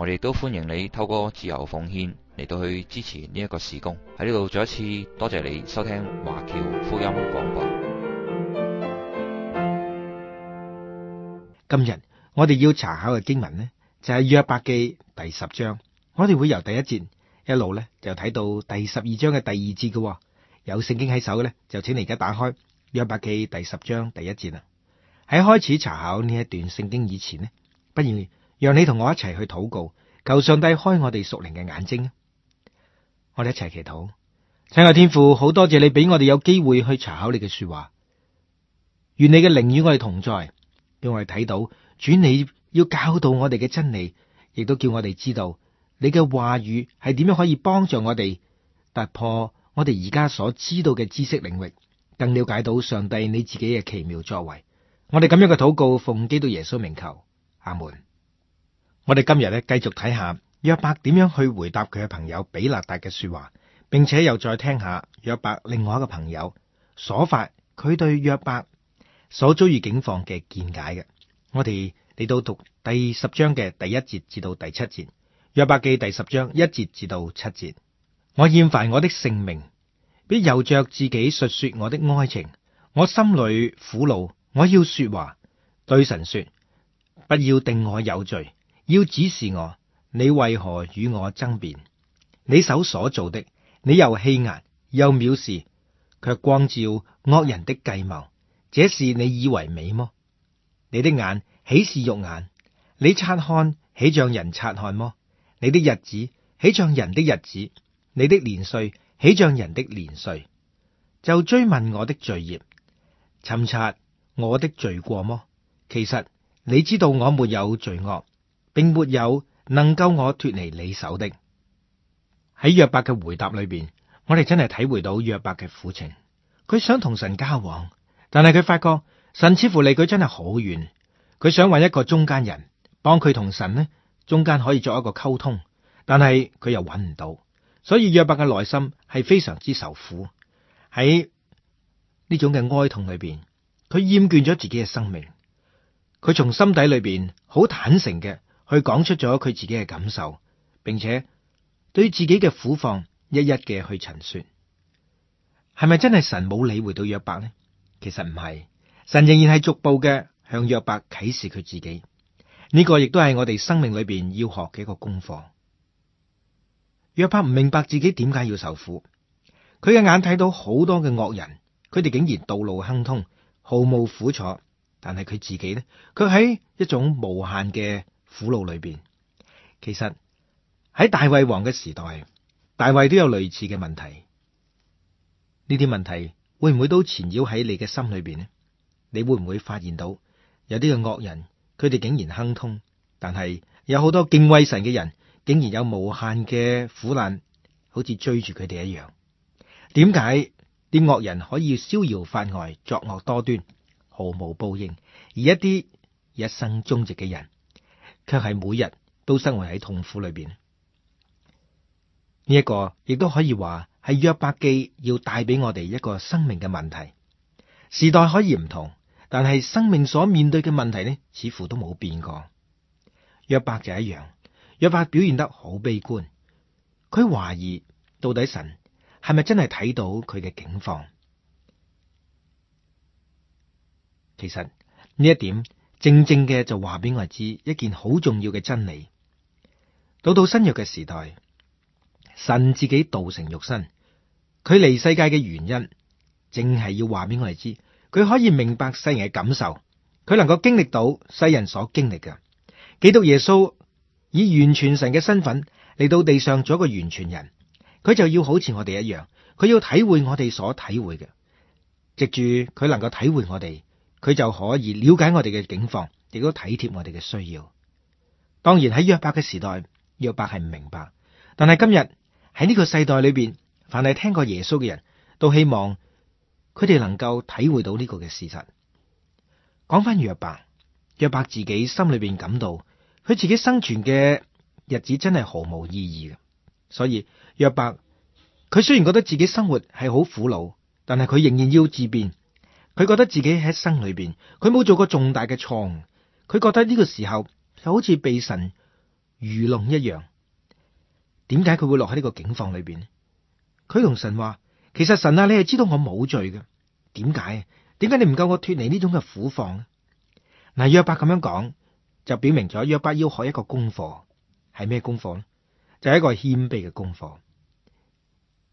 我哋都歡迎你透過自由奉獻嚟到去支持呢一個事工。喺呢度再一次多謝你收聽華僑福音廣播。今日我哋要查考嘅經文呢，就係約伯記第十章。我哋會由第一節一路呢，就睇到第十二章嘅第二節嘅喎。有聖經喺手呢，就請你而家打開約伯記第十章第一節啦。喺開始查考呢一段聖經以前呢，不如。讓你同我一齊去禱告，求上帝開我哋屬靈嘅眼睛。我哋一齊祈禱，請我天父，好多謝你俾我哋有機會去查考你嘅說話。願你嘅靈與我哋同在，讓我哋睇到主，你要教導我哋嘅真理，亦都叫我哋知道你嘅話語係點樣可以幫助我哋突破我哋而家所知道嘅知識領域，更了解到上帝你自己嘅奇妙作為。我哋咁樣嘅禱告，奉基督耶穌名求，阿門。我哋今日咧，繼續睇下約伯點樣去回答佢嘅朋友比勒達嘅說話，並且又再聽下約伯另外一個朋友所發佢對約伯所遭遇境況嘅見解嘅。我哋嚟到讀第十章嘅第一節至到第七節，《約伯記》第十章一節至到七節。我厭煩我的性命，必由着自己述說我的愛情。我心裏苦惱，我要說話對神說：不要定我有罪。要指示我，你為何與我爭辯？你手所做的，你又欺壓又藐視，卻光照惡人的計謀，這是你以為美麼？你的眼豈是肉眼？你察看豈像人察看麼？你的日子豈像人的日子？你的年歲豈像人的年歲？就追問我的罪孽，尋察我的罪過麼？其實你知道我沒有罪惡。並沒有能夠我脫離你手的。喺約伯嘅回答裏邊，我哋真係體會到約伯嘅苦情。佢想同神交往，但係佢發覺神似乎離佢真係好遠。佢想揾一個中間人幫佢同神呢中間可以作一個溝通，但係佢又揾唔到，所以約伯嘅內心係非常之受苦。喺呢種嘅哀痛裏邊，佢厭倦咗自己嘅生命，佢從心底裏邊好坦誠嘅。佢講出咗佢自己嘅感受，並且對自己嘅苦況一一嘅去陳說，係咪真係神冇理會到約伯呢？其實唔係，神仍然係逐步嘅向約伯啟示佢自己呢個，亦都係我哋生命裏邊要學嘅一個功課。約伯唔明白自己點解要受苦，佢嘅眼睇到好多嘅惡人，佢哋竟然道路亨通，毫無苦楚，但係佢自己呢，佢喺一種無限嘅。苦惱裏邊，其實喺大衛王嘅時代，大衛都有類似嘅問題。呢啲問題會唔會都纏繞喺你嘅心裏邊呢？你會唔會發現到有啲嘅惡人，佢哋竟然亨通，但係有好多敬畏神嘅人，竟然有無限嘅苦難，好似追住佢哋一樣。點解啲惡人可以逍遙法外，作惡多端，毫無報應？而一啲一生忠直嘅人？卻係每日都生活喺痛苦裏邊，呢一個亦都可以話係約伯記要帶俾我哋一個生命嘅問題。時代可以唔同，但係生命所面對嘅問題呢，似乎都冇變過。約伯就一樣，約伯表現得好悲觀，佢懷疑到底神係咪真係睇到佢嘅境況。其實呢一點。正正嘅就話俾我哋知一件好重要嘅真理。到到新約嘅時代，神自己道成肉身，佢嚟世界嘅原因，淨係要話俾我哋知，佢可以明白世人嘅感受，佢能夠經歷到世人所經歷嘅。基督耶穌以完全神嘅身份嚟到地上做一個完全人，佢就要好似我哋一樣，佢要體會我哋所體會嘅，藉住佢能夠體會我哋。佢就可以了解我哋嘅境況，亦都體貼我哋嘅需要。當然喺約伯嘅時代，約伯係唔明白，但係今日喺呢個世代裏邊，凡係聽過耶穌嘅人，都希望佢哋能夠體會到呢個嘅事實。講返約伯，約伯自己心裏邊感到，佢自己生存嘅日子真係毫無意義嘅。所以約伯，佢雖然覺得自己生活係好苦惱，但係佢仍然要自辯。佢覺得自己喺生裏邊，佢冇做過重大嘅錯誤，佢覺得呢個時候就好似被神愚弄一樣。點解佢會落喺呢個境況裏邊？佢同神話，其實神啊，你係知道我冇罪嘅。點解？點解你唔夠我脱離呢種嘅苦況？嗱，約伯咁樣講，就表明咗約伯要學一個功課，係咩功課咧？就係一個謙卑嘅功課。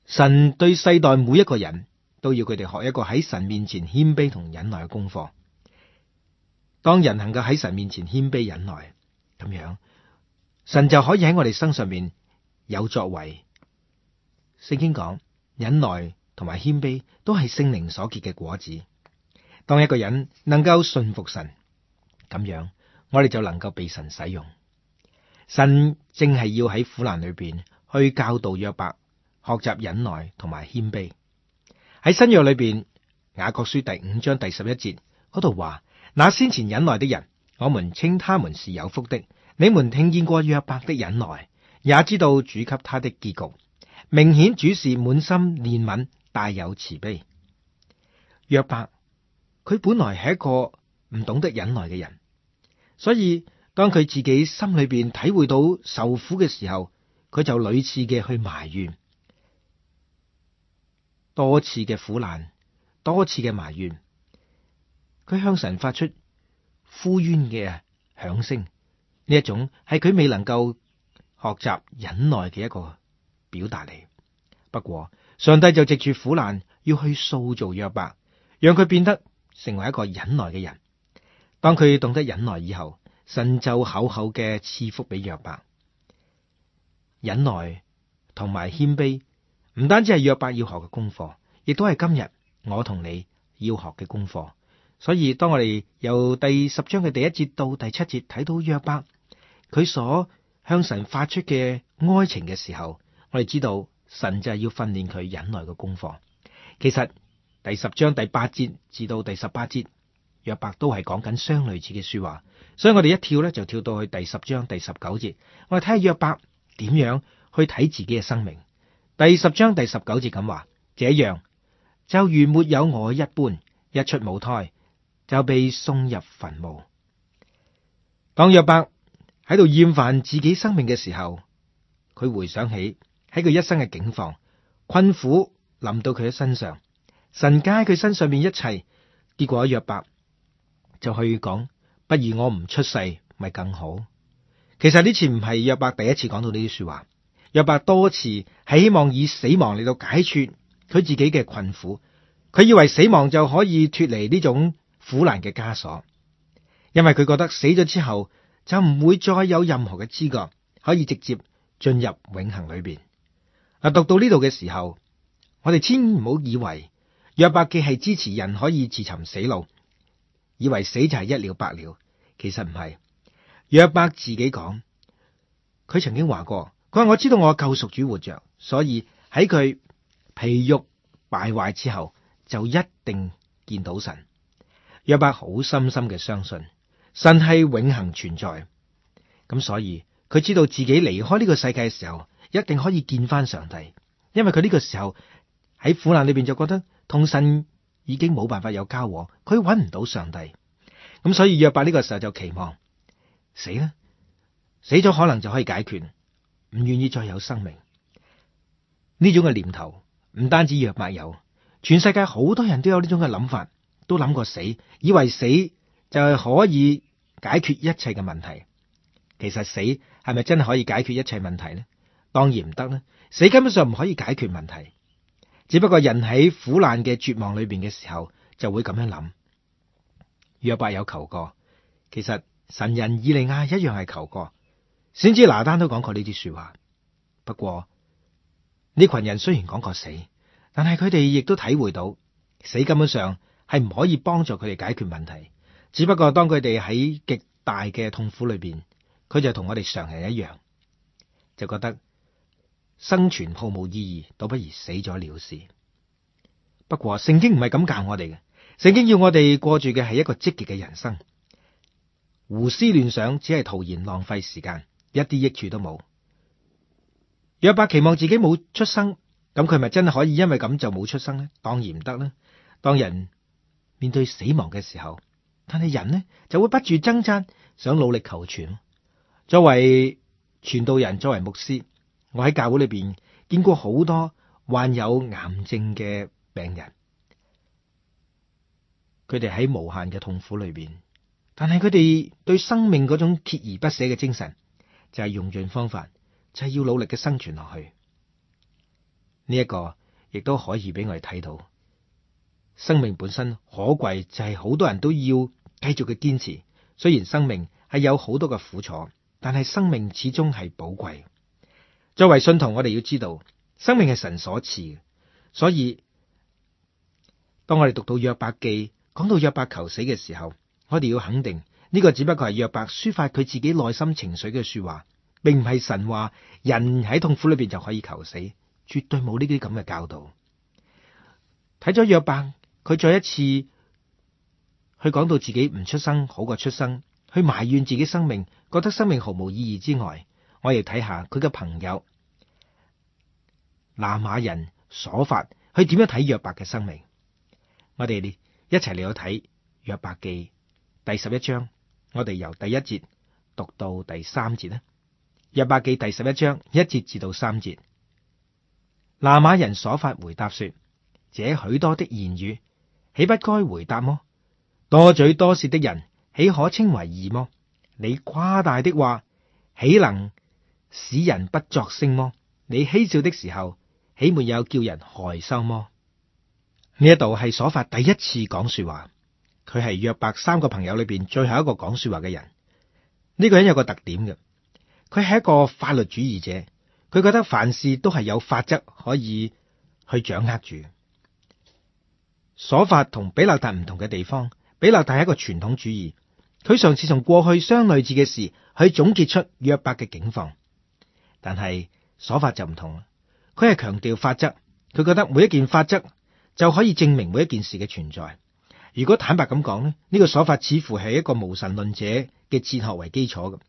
神對世代每一個人。都要佢哋學一個喺神面前謙卑同忍耐嘅功課。當人能夠喺神面前謙卑忍耐，咁樣神就可以喺我哋身上面有作為。聖經講，忍耐同埋謙卑都係聖靈所結嘅果子。當一個人能夠信服神，咁樣我哋就能夠被神使用。神正係要喺苦難裏邊去教導約伯，學習忍耐同埋謙卑。喺新約裏邊，雅各書第五章第十一節嗰度話：那先前忍耐的人，我們稱他們是有福的。你們聽見過約伯的忍耐，也知道主給他的結局。明顯主是滿心憐憫，大有慈悲。約伯，佢本來係一個唔懂得忍耐嘅人，所以當佢自己心裏邊體會到受苦嘅時候，佢就屢次嘅去埋怨。多次嘅苦難，多次嘅埋怨，佢向神發出呼冤嘅響聲，呢一種係佢未能夠學習忍耐嘅一個表達嚟。不過上帝就藉住苦難要去塑造約伯，讓佢變得成為一個忍耐嘅人。當佢懂得忍耐以後，神就厚厚嘅賜福俾約伯，忍耐同埋謙卑。唔單止係約伯要學嘅功課，亦都係今日我同你要學嘅功課。所以當我哋由第十章嘅第一節到第七節睇到約伯佢所向神發出嘅哀情嘅時候，我哋知道神就係要訓練佢忍耐嘅功課。其實第十章第八節至到第十八節，約伯都係講緊相類似嘅說話。所以我哋一跳咧就跳到去第十章第十九節，我哋睇下約伯點樣去睇自己嘅生命。第十章第十九節咁話，這樣就如沒有我一般，一出母胎就被送入墳墓。當約伯喺度厭煩自己生命嘅時候，佢回想起喺佢一生嘅境況、困苦臨到佢嘅身上，神加喺佢身上面一切，結果約伯就可以講：不如我唔出世，咪更好。其實呢次唔係約伯第一次講到呢啲說話。約伯多次希望以死亡嚟到解決佢自己嘅困苦，佢以為死亡就可以脫離呢種苦難嘅枷鎖，因為佢覺得死咗之後就唔會再有任何嘅知覺，可以直接進入永恒裏邊。啊，讀到呢度嘅時候，我哋千唔好以為約伯既係支持人可以自尋死路，以為死就係一了百了，其實唔係。約伯自己講，佢曾經話過。佢，我知道我救贖主活着，所以喺佢皮肉敗壞之後，就一定見到神。約伯好深深嘅相信神係永恒存在，咁所以佢知道自己離開呢個世界嘅時候，一定可以見翻上帝。因為佢呢個時候喺苦難裏邊就覺得同神已經冇辦法有交往，佢搵唔到上帝，咁所以約伯呢個時候就期望死啦，死咗可能就可以解決。唔願意再有生命，呢種嘅念頭唔單止約伯有，全世界好多人都有呢種嘅諗法，都諗過死，以為死就係可以解決一切嘅問題。其實死係咪真係可以解決一切問題呢？當然唔得啦，死根本上唔可以解決問題，只不過人喺苦難嘅絕望裏邊嘅時候就會咁樣諗。約伯有求過，其實神人以利亞一樣係求過。先知拿單都講過呢啲說話，不過呢群人雖然講過死，但係佢哋亦都體會到死根本上係唔可以幫助佢哋解決問題。只不過當佢哋喺極大嘅痛苦裏邊，佢就同我哋常人一樣，就覺得生存毫無意義，倒不如死咗了事。不過聖經唔係咁教我哋嘅，聖經要我哋過住嘅係一個積極嘅人生，胡思亂想只係徒然浪費時間。一啲益處都冇。約伯期望自己冇出生，咁佢咪真係可以因為咁就冇出生呢？當然唔得啦。當人面對死亡嘅時候，但係人呢就會不住掙扎，想努力求存。作為傳道人，作為牧師，我喺教會裏邊見過好多患有癌症嘅病人，佢哋喺無限嘅痛苦裏邊，但係佢哋對生命嗰種鍥而不捨嘅精神。就係用盡方法，就係要努力嘅生存落去。呢一個亦都可以俾我哋睇到，生命本身可貴，就係好多人都要繼續嘅堅持。雖然生命係有好多嘅苦楚，但係生命始終係寶貴。作為信徒，我哋要知道，生命係神所賜嘅。所以，當我哋讀到約伯記，講到約伯求死嘅時候，我哋要肯定。呢個只不過係約伯抒發佢自己內心情緒嘅說話，並唔係神話。人喺痛苦裏邊就可以求死，絕對冇呢啲咁嘅教導。睇咗約伯，佢再一次去講到自己唔出生好過出生，去埋怨自己生命，覺得生命毫無意義之外，我亦睇下佢嘅朋友拿瑪人瑣法，佢點樣睇約伯嘅生命？我哋一齊嚟到睇約伯記第十一章。我哋由第一節讀到第三節啦，《約伯記》第十一章一節至到三節。拿瑪人瑣法回答說：這許多的言語，豈不該回答麼？多嘴多舌的人，豈可稱為義麼？你誇大的話，豈能使人不作聲麼？你嬉笑的時候，豈沒有叫人害羞麼？呢一度係瑣法第一次講說話。佢係約伯三個朋友裏邊最後一個講說話嘅人。呢、這個人有個特點嘅，佢係一個法律主義者。佢覺得凡事都係有法則可以去掌握住。瑣法同比勒達唔同嘅地方，比勒達係一個傳統主義。佢嘗試從過去相類似嘅事，去總結出約伯嘅境況。但係瑣法就唔同，佢係強調法則，佢覺得每一件法則就可以證明每一件事嘅存在。如果坦白咁講咧，呢個瑣法似乎係一個無神論者嘅哲學為基礎嘅。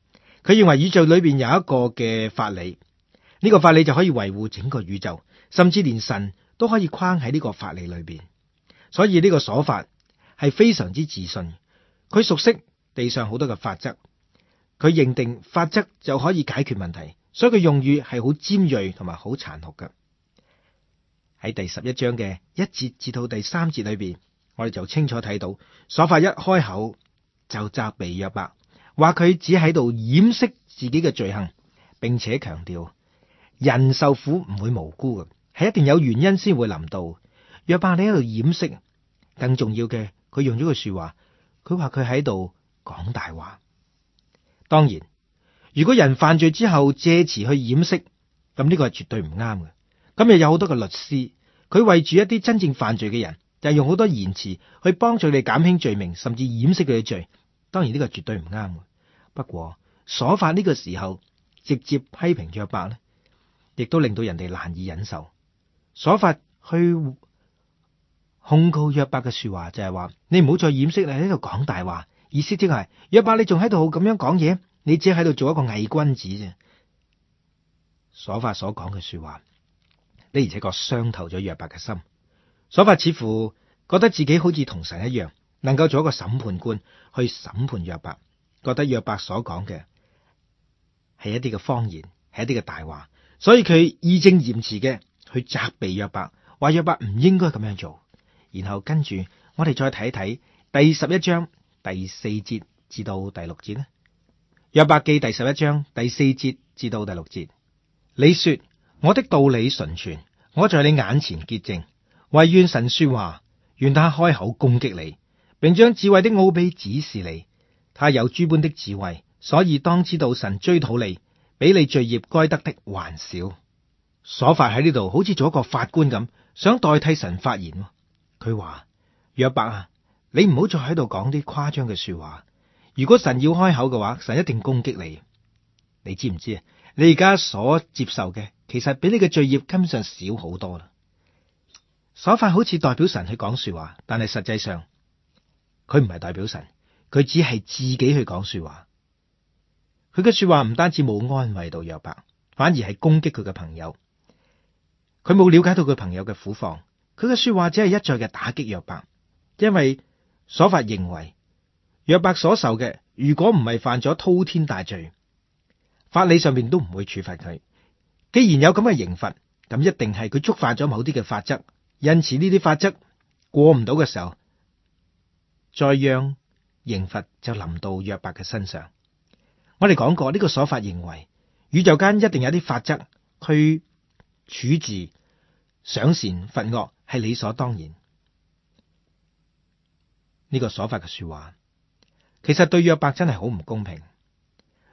佢認為宇宙裏邊有一個嘅法理，呢個法理就可以維護整個宇宙，甚至連神都可以框喺呢個法理裏邊。所以呢個瑣法係非常之自信。佢熟悉地上好多嘅法則，佢認定法則就可以解決問題，所以佢用語係好尖銳同埋好殘酷嘅。喺第十一章嘅一節至到第三節裏邊。我哋就清楚睇到，瑣法一開口就責備約伯，話佢只喺度掩飾自己嘅罪行，並且強調人受苦唔會無辜嘅，係一定有原因先會臨到。約伯你喺度掩飾，更重要嘅，佢用咗句說話，佢話佢喺度講大話。當然，如果人犯罪之後借詞去掩飾，咁呢個係絕對唔啱嘅。今日有好多嘅律師，佢為住一啲真正犯罪嘅人，又用好多言辭去幫助你減輕罪名，甚至掩飾佢嘅罪。當然呢個絕對唔啱。不過所發呢個時候直接批評約伯咧，亦都令到人哋難以忍受。所發去控告約伯嘅說話就係話：你唔好再掩飾你喺度講大話。意思即係約伯，你仲喺度咁樣講嘢，你只係喺度做一個偽君子啫。所發所講嘅說話，呢而且確傷透咗約伯嘅心。瑣法似乎覺得自己好似同神一樣，能夠做一個審判官去審判約伯，覺得約伯所講嘅係一啲嘅謊言，係一啲嘅大話，所以佢義正嚴詞嘅去責備約伯，話約伯唔應該咁樣做。然後跟住我哋再睇一睇第十一章第四節至到第六節咧。約伯記第十一章第四節至到第六節，你說我的道理純全，我在你眼前潔淨。惟願神說話，願他開口攻擊你，並將智慧的奧秘指示你。他有諸般的智慧，所以當知道神追討你，比你罪孽該得的還少。瑣法喺呢度，好似做一個法官咁，想代替神發言。佢話：約伯啊，你唔好再喺度講啲誇張嘅說話。如果神要開口嘅話，神一定攻擊你。你知唔知啊？你而家所接受嘅，其實比你嘅罪孽根本上少好多啦。所法好似代表神去講說話，但係實際上，佢唔係代表神，佢只係自己去講說話。佢嘅說話唔單止冇安慰到約伯，反而係攻擊佢嘅朋友。佢冇了解到佢朋友嘅苦況，佢嘅說話只係一再嘅打擊約伯。因為所法認為約伯所受嘅，如果唔係犯咗滔天大罪，法理上面都唔會處罰佢。既然有咁嘅刑罰，咁一定係佢觸犯咗某啲嘅法則。因此呢啲法則過唔到嘅時候，再讓刑罰就臨到約伯嘅身上。我哋講過呢、這個說法認為宇宙間一定有啲法則去處置賞善罰惡，係理所當然。呢、這個說法嘅說話，其實對約伯真係好唔公平。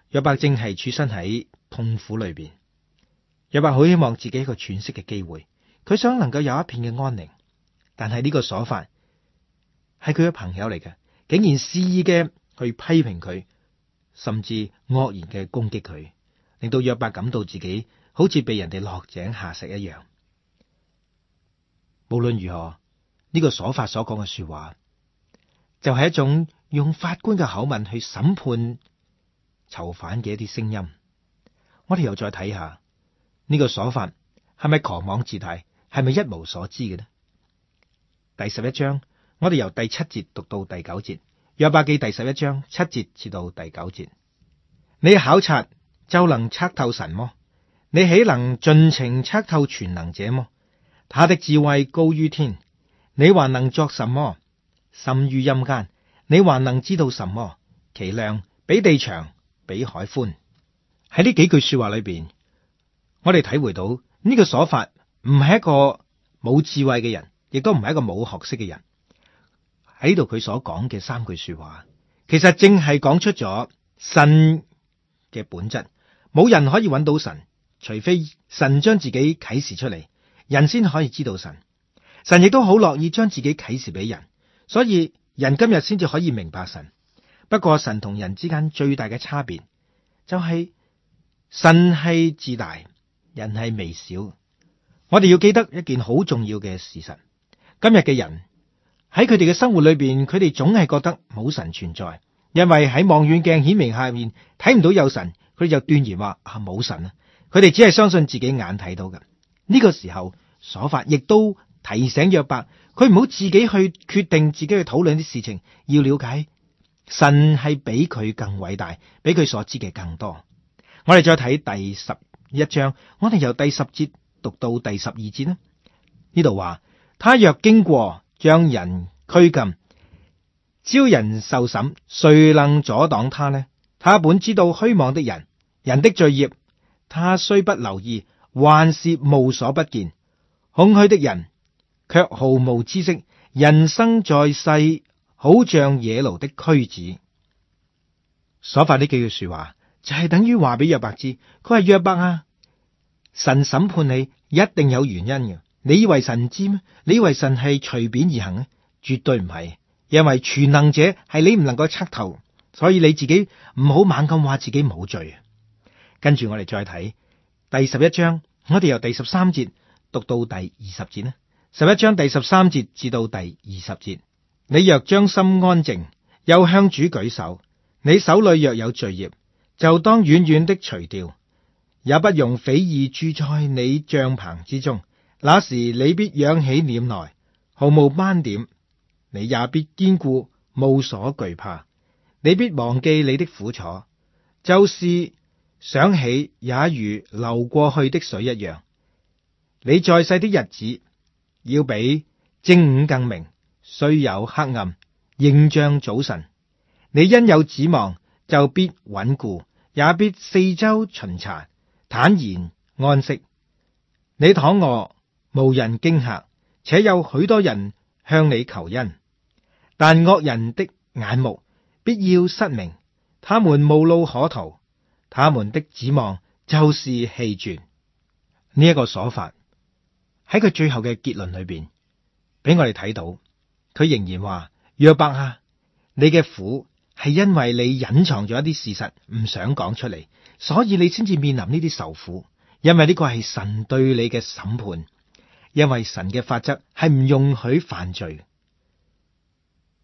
約伯正係處身喺痛苦裏邊，約伯好希望自己一個喘息嘅機會。佢想能夠有一片嘅安寧，但係呢個所法係佢嘅朋友嚟嘅，竟然肆意嘅去批評佢，甚至惡言嘅攻擊佢，令到約伯感到自己好似被人哋落井下石一樣。無論如何，呢、這個所法所講嘅說話，就係、是、一種用法官嘅口吻去審判囚犯嘅一啲聲音。我哋又再睇下呢、這個所法係咪狂妄自大？係咪一無所知嘅呢？第十一章，我哋由第七節讀到第九節，約伯記第十一章七節至到第九節。你考察就能測透神麼？你豈能盡情測透全能者麼？他的智慧高於天，你還能作什麼？甚於陰間，你還能知道什麼？其量比地長，比海寬。喺呢幾句說話裏邊，我哋體會到呢、這個所法，唔係一個冇智慧嘅人，亦都唔係一個冇學識嘅人。喺度佢所講嘅三句說話，其實正係講出咗神嘅本質。冇人可以揾到神，除非神將自己啟示出嚟，人先可以知道神。神亦都好樂意將自己啟示俾人，所以人今日先至可以明白神。不過神同人之間最大嘅差別，就是，就係神係至大，人係微小。我哋要記得一件好重要嘅事實。今日嘅人喺佢哋嘅生活裏邊，佢哋總係覺得冇神存在，因為喺望遠鏡顯明下面睇唔到有神，佢哋就斷言話啊，冇神啊。佢哋只係相信自己眼睇到嘅。呢個時候，瑣法亦都提醒約伯，佢唔好自己去決定，自己去討論啲事情。要了解神係比佢更偉大，比佢所知嘅更多。我哋再睇第十一章，我哋由第十節。讀到第十二節呢？呢度話，他若經過將人拘禁，招人受審，誰能阻擋他呢？他本知道虛妄的人，人的罪孽，他雖不留意，還是無所不見。空虛的人卻毫無知識，人生在世，好像野驢的駒子。所發呢幾句說話，就係、是、等於話俾約伯知，佢係約伯啊。神審判你一定有原因嘅，你以為神唔知咩？你以為神係隨便而行咧？絕對唔係，因為全能者係你唔能夠測透，所以你自己唔好猛咁話自己冇罪。跟住我哋再睇第十一章，我哋由第十三節讀到第二十節啦。十一章第十三節至到第二十節，你若將心安靜，又向主舉手，你手裏若有罪孽，就當遠遠的除掉。也不容非義住在你帳篷之中。那時你必仰起臉來，毫無斑點。你也必堅固，無所懼怕。你必忘記你的苦楚，就是想起也如流過去的水一樣。你在世的日子要比正午更明，雖有黑暗仍像早晨。你因有指望，就必穩固，也必四周巡查。坦然安息，你躺臥無人驚嚇，且有許多人向你求恩。但惡人的眼目必要失明，他們無路可逃，他們的指望就是棄絕。呢、這、一個所法喺佢最後嘅結論裏邊，俾我哋睇到，佢仍然話：約伯啊，你嘅苦係因為你隱藏咗一啲事實，唔想講出嚟。所以你先至面臨呢啲受苦，因為呢個係神對你嘅審判，因為神嘅法則係唔容許犯罪。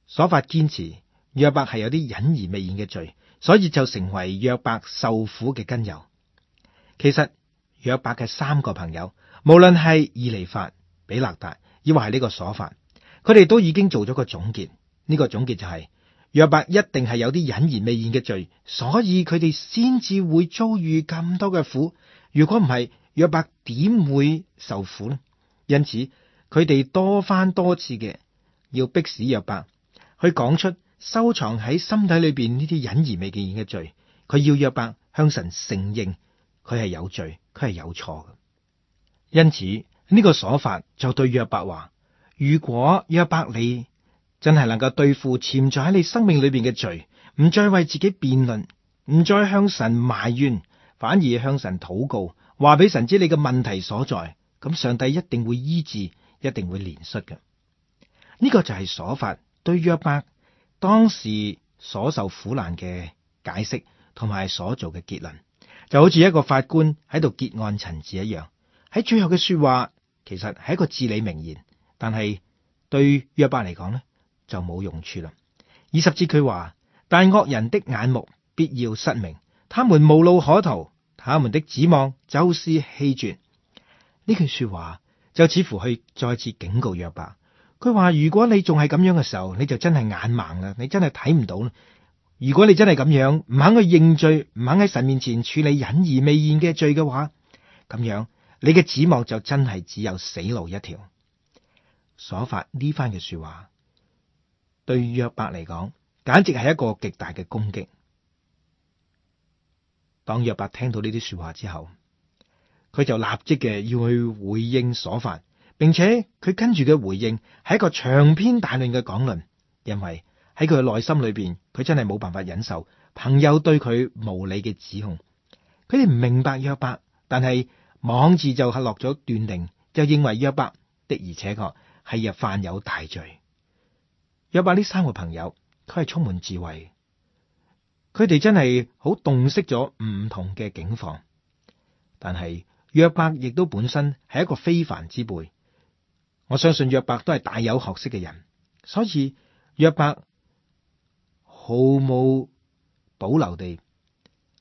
所法堅持約伯係有啲隱而未現嘅罪，所以就成為約伯受苦嘅根由。其實約伯嘅三個朋友，無論係以利法、比勒達，亦或係呢個所法，佢哋都已經做咗個總結。呢、這個總結就係、是。約伯一定係有啲隱而未現嘅罪，所以佢哋先至會遭遇咁多嘅苦。如果唔係，約伯點會受苦呢？因此，佢哋多番多次嘅，要逼使約伯去講出收藏喺心底裏邊呢啲隱而未見嘅罪。佢要約伯向神承認佢係有罪，佢係有錯嘅。因此，呢、這個瑣法就對約伯話，如果約伯你，真係能夠對付潛在喺你生命裏邊嘅罪，唔再為自己辯論，唔再向神埋怨，反而向神禱告，話俾神知你嘅問題所在，咁上帝一定會醫治，一定會憐恤嘅。呢、這個就係瑣法對約伯當時所受苦難嘅解釋，同埋所做嘅結論，就好似一個法官喺度結案陳詞一樣。喺最後嘅說話，其實係一個至理名言，但係對約伯嚟講咧。就冇用處啦。二十節佢話：但惡人的眼目必要失明，他們無路可逃，他們的指望就是氣絕。呢句說話就似乎去再次警告約伯。佢話：如果你仲係咁樣嘅時候，你就真係眼盲啦，你真係睇唔到啦。如果你真係咁樣唔肯去認罪，唔肯喺神面前處理隱而未現嘅罪嘅話，咁樣你嘅指望就真係只有死路一條。所發呢番嘅說話。對約伯嚟講，簡直係一個極大嘅攻擊。當約伯聽到呢啲說話之後，佢就立即嘅要去回應所犯，並且佢跟住嘅回應係一個長篇大論嘅講論，因為喺佢嘅內心裏邊，佢真係冇辦法忍受朋友對佢無理嘅指控。佢哋唔明白約伯，但係妄自就係落咗斷定，就認為約伯的而且確係犯有大罪。約伯呢三個朋友，佢係充滿智慧，佢哋真係好洞悉咗唔同嘅境況。但係約伯亦都本身係一個非凡之輩，我相信約伯都係大有學識嘅人。所以約伯毫冇保留地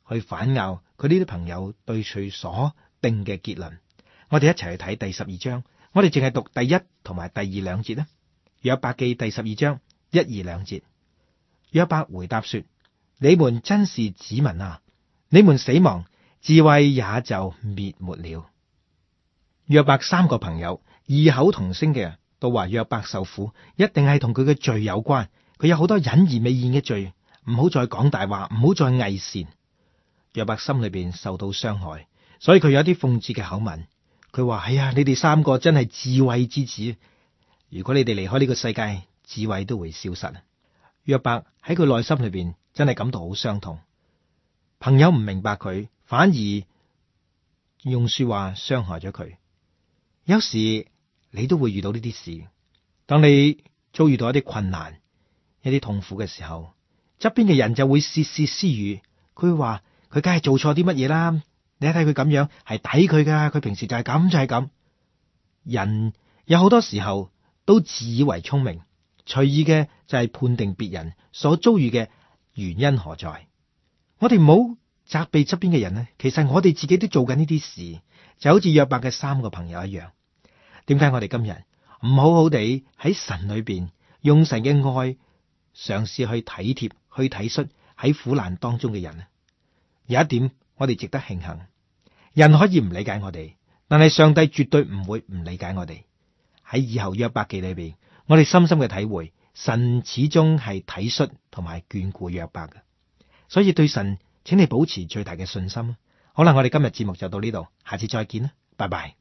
去反拗佢呢啲朋友對佢所定嘅結論。我哋一齊去睇第十二章，我哋淨係讀第一同埋第二兩節啦。約伯記第十二章一、二兩節，約伯回答說：你們真是子民啊！你們死亡，智慧也就滅沒了。約伯三個朋友異口同聲嘅，都話約伯受苦一定係同佢嘅罪有關，佢有好多隱而未現嘅罪，唔好再講大話，唔好再偽善。約伯心裏邊受到傷害，所以佢有啲諷刺嘅口吻，佢話：哎呀，你哋三個真係智慧之子。如果你哋離開呢個世界，智慧都會消失。約伯喺佢內心裏邊真係感到好傷痛。朋友唔明白佢，反而用說話傷害咗佢。有時你都會遇到呢啲事，當你遭遇到一啲困難、一啲痛苦嘅時候，側邊嘅人就會竊竊私語。佢話：佢梗係做錯啲乜嘢啦？你睇佢咁樣係抵佢噶。佢平時就係咁就係咁。人有好多時候，都自以為聰明，隨意嘅就係判定別人所遭遇嘅原因何在。我哋唔好責備側邊嘅人咧，其實我哋自己都做緊呢啲事，就好似約伯嘅三個朋友一樣。點解我哋今日唔好好地喺神裏邊，用神嘅愛嘗試去體貼、去體恤喺苦難當中嘅人呢？有一點我哋值得慶幸，人可以唔理解我哋，但係上帝絕對唔會唔理解我哋。喺以後約伯記裏邊，我哋深深嘅體會，神始終係體恤同埋眷顧約伯嘅，所以對神，請你保持最大嘅信心。好啦，我哋今日節目就到呢度，下次再見啦，拜拜。